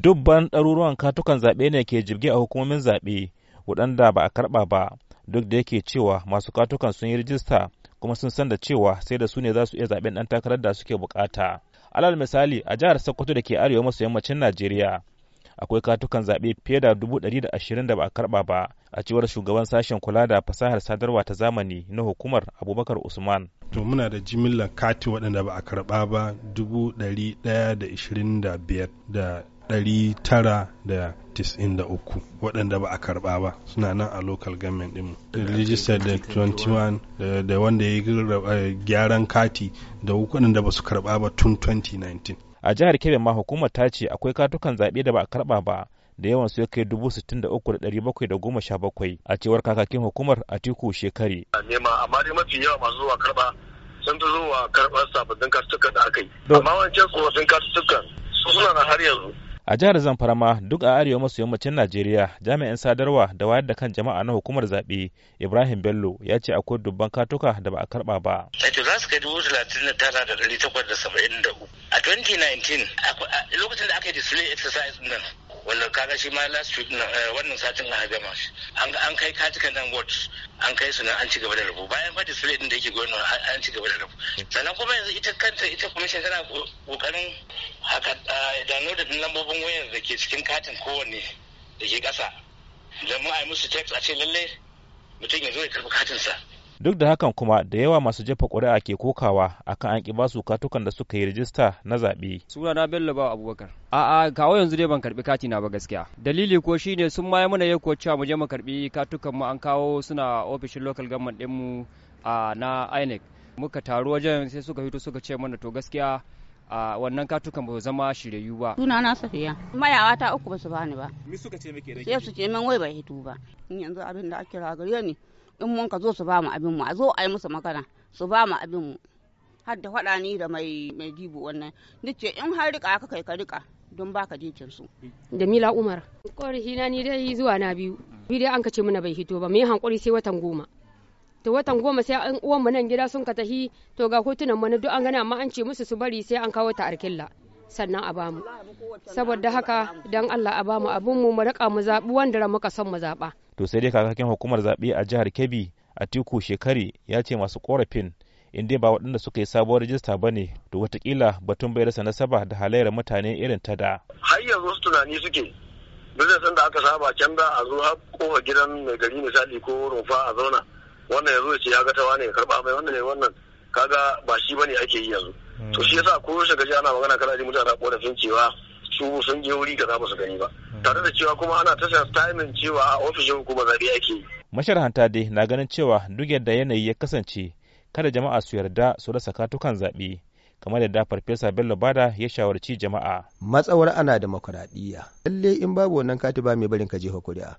dubban ɗaruruwan katukan zaɓe ne ke jirgi a hukumomin zaɓe waɗanda ba a karɓa ba duk da yake cewa masu katukan sun yi rijista kuma sun san da cewa sai da su ne za su iya zaɓen ɗan takarar da suke bukata alal misali a jihar sokoto da ke arewa maso yammacin najeriya akwai katukan zaɓe fiye da dubu ɗari da ashirin da ba a karɓa ba a cewar shugaban sashen kula da fasahar sadarwa ta zamani na hukumar abubakar usman to muna da jimillar kati waɗanda ba a karɓa ba dubu ɗari ɗaya da ishirin da biyar da 993 waɗanda ba a karɓa ba suna nan a local government ɗinmu register da 21 da wanda ya yi eh, gyaran kati da waɗanda ba su karɓa ba tun 2019 a jihar kebe ma hukumar ta ce akwai katukan zaɓe da ba a karɓa ba da yawan su ya kai dubu sittin da uku da ɗari bakwai da goma sha bakwai a cewar kakakin hukumar a tiku shekari. nema amma dai mafi yawa masu zuwa karɓa sun fi zuwa karɓar sababbin kasutukan da aka yi amma wancan tsofaffin kasutukan su suna na har yanzu a jihar zamfara ma duk a arewa maso yammacin najeriya jami'in sadarwa da wayar da kan jama'a na hukumar zaɓe ibrahim bello ya ce akwai dubban katuka da ba a karɓa ba eh za su kai dubu talatin da tara da ɗari takwas da saba'in da uku a 2019 lokacin da aka yi display exercise nan wannan kaga shi ma last week eh, wannan satin na gama shi an kai katika nan words an kai su nan an ci gaba da rabu bayan ba display din da yake gwamnati an ci gaba da rabu hmm. sannan kuma yanzu ita kanta ita commission tana kokarin haka download lambobin wayar da ke cikin katin kowanne da ke ƙasa don mu a ce lalle mutum ya zo ya karɓi katinsa. duk da hakan kuma da yawa masu jefa ƙuri'a ke kokawa akan an ƙi basu katukan da suka yi rijista na zaɓe. suna na bello ba abubakar a'a kawo yanzu dai ban karɓi kati na ba gaskiya dalili ko shine sun maye mana ya cewa mu je mu karɓi katukan mu an kawo suna ofishin local government ɗin a na inec muka taru wajen sai suka fito suka ce mana to gaskiya a wannan katukan ba zama shiryayyu ba suna na safiya mayawa ta uku ba su bani ba mi suka ce muke rage sai su ce min wai ba hitu ba in yanzu abin da ake ragare ne in mun ka zo su ba mu abin mu a zo a yi musu magana su ba mu abin mu har da faɗa ni da mai mai dibo wannan Ni ce in har rika ka kai ka rika don baka jikin su jamila umar hina ni dai zuwa na biyu bi dai an kace mana bai hito ba mu yi hankuri sai watan goma to watan goma sai an uwan mu nan gida sun ka tahi to ga hotunan mu na duk an gani amma an ce musu su bari sai an kawo ta arkilla sannan a bamu saboda haka dan Allah a bamu abun mu mu raka mu zabi wanda muka son mu zaba to sai dai kakakin hukumar zaɓe a jihar Kebbi a Atiku Shekari ya ce masu korafin in ba waɗanda suka yi sabuwar rajista ba ne to watakila batun bai rasa nasaba da halayyar mutane irin ta da. har yanzu su tunani suke duk da da aka saba can da a zo har kofa gidan mai gari misali ko rumfa a zauna wannan yanzu ce ya ga ta wane karba mai wannan ne wannan kaga ba shi bane ake yi yanzu to shi yasa ko shi gaji ana magana kana ji mutane da korafin cewa su sun je wuri da ba su gani ba tare da cewa kuma ana tasha timing cewa a ofishin hukuma zabi ake yi masharhanta dai na ganin cewa duk yadda yanayi ya kasance kada jama'a su yarda su rasa katukan zaɓe kamar yadda farfesa bello bada ya shawarci jama'a matsawar ana demokuraɗiyya lalle in babu wannan katiba mai barin ka jefa kuri'a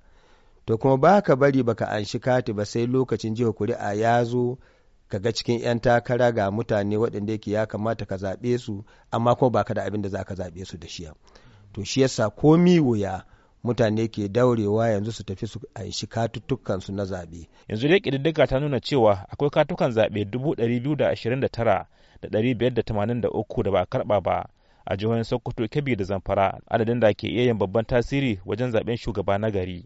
to kuma ba ka bari baka anshi kati ba sai lokacin jiwa kuri'a ya zo ka ga cikin 'yan takara ga mutane waɗanda yake ya kamata ka zaɓe su amma kuma ba ka da abin da za ka zaɓe su da shiya to shi yasa komi wuya mutane ke daurewa yanzu su tafi su anshi katuttukan su na zaɓe. yanzu dai ƙididdiga ta nuna cewa akwai katukan zaɓe 229,583 da ba a karɓa ba a jihohin sokoto kebbi da zamfara adadin da ke iya yin babban tasiri wajen zaɓen shugaba na gari.